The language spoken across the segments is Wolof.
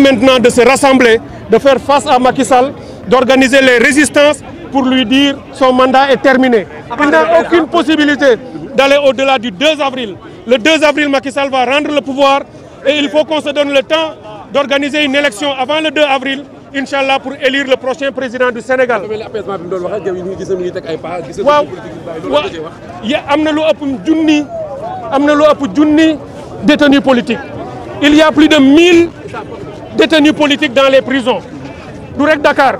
maintenant de se rassembler, de faire face à Macky Sall, d'organiser les résistances pour lui dire son mandat est terminé. Il n'a aucune possibilité d'aller au-delà du 2 avril. Le 2 avril, Macky Sall va rendre le pouvoir et il faut qu'on se donne le temps d'organiser une élection avant le 2 avril Inch'Allah pour élire le prochain président du Sénégal. il y a plus de 1000 détenus politiques dans les prisons du Dakar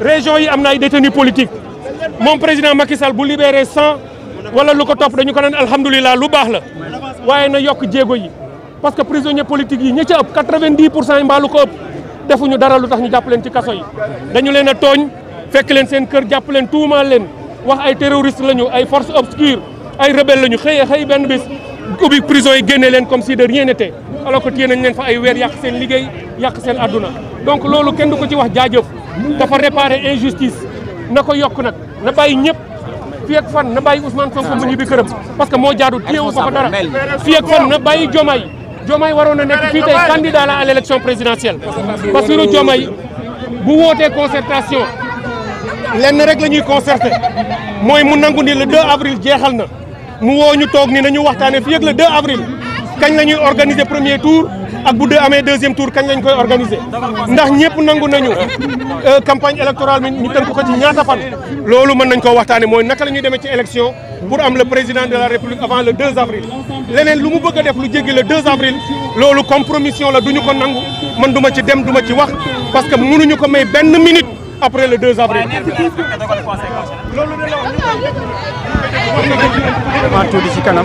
région yi am détenus politiques Mon président Macky Sall bu libéré 100 wala lu top topp dañu ko naan alhamdulilah lu baax la waaye na parce que prisonniers politiques yi ña ca 90 pour cent yi mbaa lu ko ont defuñu dara en tax ñu jàpp leen ci kaso yi dañu leen a tooñ fekk leen seen kër jàpp leen tuumaal terroristes lañu forces obscures ay rebelles lañu ont été benn bis prison yi comme si de rien n'était alors que téye leen fa ay weer yàq seen liggéey yàq seen donc lolo kenn du ko ci wax jaajëf dafa réparer injustice Nako ko yokk nag na bàyyi ñëpp ak fan na bàyyi Ousmane Sonko mu ñibbi parce que moi jaadu téyewu ko Papa dara fii ak fan na bàyyi Diomaye Diomaye waroon na nekk fii tey candidat la à l'élection présidentielle parce que Diomaye bu wootee concertation lenn rek la ñuy concerté mooy mu nangu ni le 2 avril jeexal na mu woo ñu ni nañu waxtaane fii le 2 avril quand la ñuy organiser premier tour ak bu dee amee deuxième tour quand lañ koy organiser ndax ñëpp nangu nañu euh, campagne électorale bi ñu tënk ko ci ñaata fan. loolu mën nañ koo waxtaanee mooy naka la ñuy ci élection pour am le président de la république avant le 2 avril leneen lu mu bëgg a def lu le 2 avril une compromission la du ñu ko nangu man du ma ci dem du ci wax parce que mënuñu ko may une minute après le 2 avril. loolu la wax. dama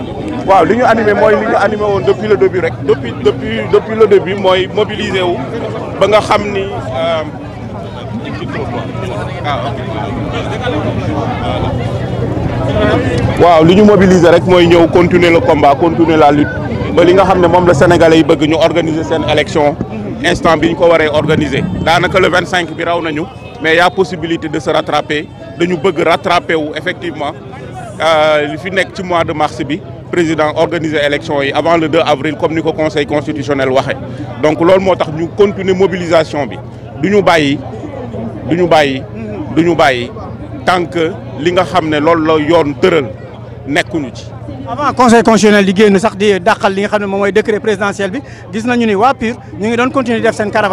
waaw l'union animée, moi l'union animée depuis le début rek depuis depuis depuis le début moi, mobilisé où? ba nga xam ni euh, waaw li ñu mobiliser rek mooy ñëw continuer le combat continuer la lutte ba li nga xam le la sénégalais yi bëgg ñu organiser cette élection instant bi ñu ko waree organiser daanaka le 25 bi raw nañu mais il y a possibilité de se rattraper dañu bëgg rattraper wu effectivement euh, li fi nekk ci mois de mars bi président organiser l'élection avant le 2 avril comme nous ko conseil constitutionnel donc nous continuons la mobilisation bi du baillons bàyyi du ñu bàyyi du tant que li nga xam ne loolu la yoon avant conseil constitutionnel nous avons sax di dàqal li nga décret présidentiel bi gis nañu ni nous avons ñu ngi continuer def